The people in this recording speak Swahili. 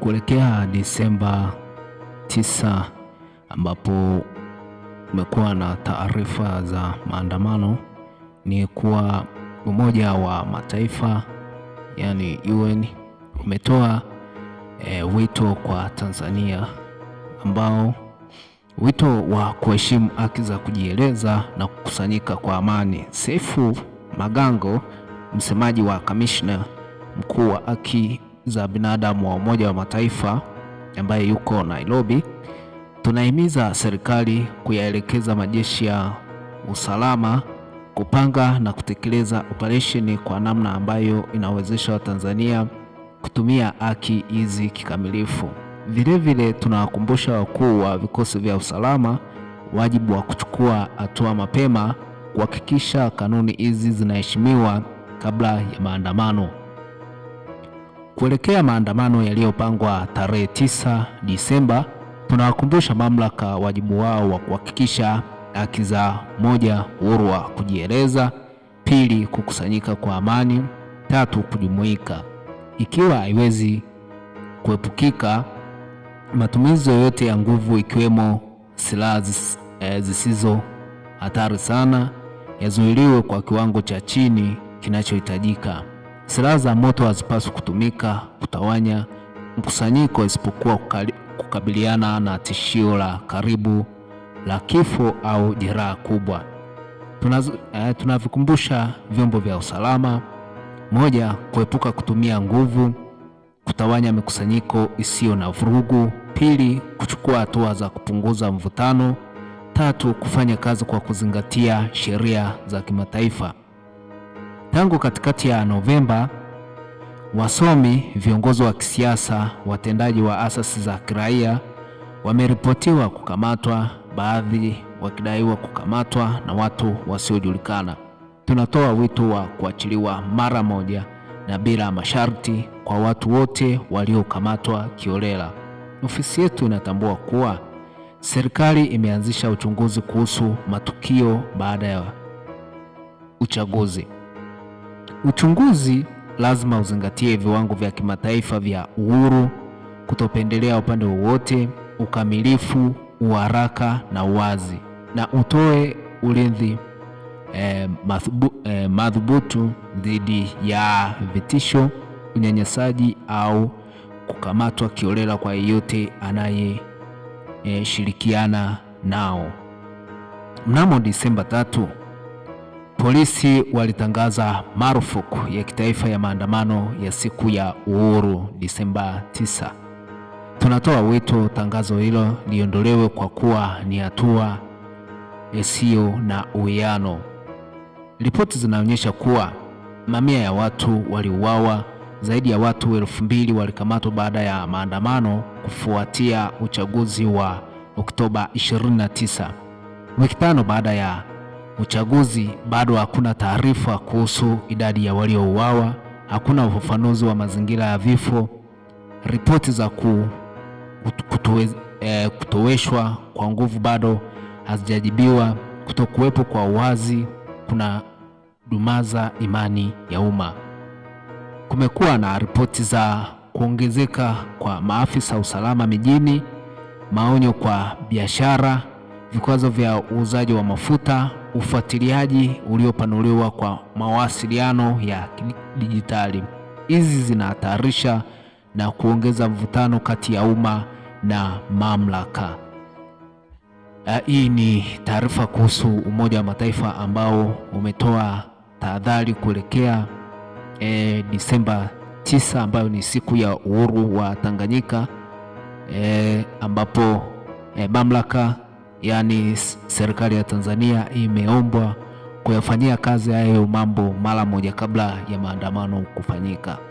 kuelekea Disemba 9 ambapo umekuwa na taarifa za maandamano, ni kuwa Umoja wa Mataifa yani UN umetoa e, wito kwa Tanzania ambao wito wa kuheshimu haki za kujieleza na kukusanyika kwa amani. Sefu Magango, msemaji wa kamishna mkuu wa haki za binadamu wa Umoja wa Mataifa ambaye yuko Nairobi, tunahimiza serikali kuyaelekeza majeshi ya usalama kupanga na kutekeleza operesheni kwa namna ambayo inawezesha Watanzania kutumia haki hizi kikamilifu. Vilevile tunawakumbusha wakuu wa vikosi vya usalama wajibu wa kuchukua hatua mapema kuhakikisha kanuni hizi zinaheshimiwa kabla ya maandamano. Kuelekea maandamano yaliyopangwa tarehe 9 Disemba, tunawakumbusha mamlaka wajibu wao wa kuhakikisha haki za moja, uhuru wa kujieleza; pili, kukusanyika kwa amani; tatu, kujumuika. Ikiwa haiwezi kuepukika, matumizi yoyote ya nguvu ikiwemo silaha eh, zisizo hatari sana yazuiliwe kwa kiwango cha chini kinachohitajika. Silaha za moto hazipaswi kutumika kutawanya mkusanyiko isipokuwa kukabiliana na tishio la karibu la kifo au jeraha kubwa. Eh, tunavikumbusha eh, vyombo vya usalama: moja, kuepuka kutumia nguvu kutawanya mikusanyiko isiyo na vurugu; pili, kuchukua hatua za kupunguza mvutano; tatu, kufanya kazi kwa kuzingatia sheria za kimataifa. Tangu katikati ya Novemba, wasomi, viongozi wa kisiasa, watendaji wa asasi za kiraia wameripotiwa kukamatwa, baadhi wakidaiwa kukamatwa na watu wasiojulikana. Tunatoa wito wa kuachiliwa mara moja na bila masharti kwa watu wote waliokamatwa kiolela. Ofisi yetu inatambua kuwa serikali imeanzisha uchunguzi kuhusu matukio baada ya uchaguzi. Uchunguzi lazima uzingatie viwango vya kimataifa vya uhuru, kutopendelea upande wowote, ukamilifu, uharaka na uwazi, na utoe ulinzi eh, eh madhubutu eh, dhidi ya vitisho, unyanyasaji au kukamatwa kiolela kwa yeyote anayeshirikiana eh, nao. Mnamo Disemba tatu Polisi walitangaza marufuku ya kitaifa ya maandamano ya siku ya uhuru Disemba 9. Tunatoa wito tangazo hilo liondolewe kwa kuwa ni hatua isiyo na uwiano. Ripoti zinaonyesha kuwa mamia ya watu waliuawa, zaidi ya watu elfu mbili walikamatwa baada ya maandamano kufuatia uchaguzi wa Oktoba 29, wiki tano baada ya uchaguzi, bado hakuna taarifa kuhusu idadi ya waliouawa, hakuna ufafanuzi wa mazingira ya vifo. Ripoti za eh, kutoweshwa kwa nguvu bado hazijajibiwa. Kutokuwepo kwa uwazi kuna dumaza imani ya umma. Kumekuwa na ripoti za kuongezeka kwa maafisa usalama mijini, maonyo kwa biashara, vikwazo vya uuzaji wa mafuta, ufuatiliaji uliopanuliwa kwa mawasiliano ya kidijitali. Hizi zinahatarisha na kuongeza mvutano kati ya umma na mamlaka. Hii ni taarifa kuhusu Umoja wa Mataifa ambao umetoa tahadhari kuelekea e, Disemba 9 ambayo ni siku ya uhuru wa Tanganyika e, ambapo e, mamlaka yaani serikali ya Tanzania imeombwa kuyafanyia kazi hayo mambo mara moja kabla ya maandamano kufanyika.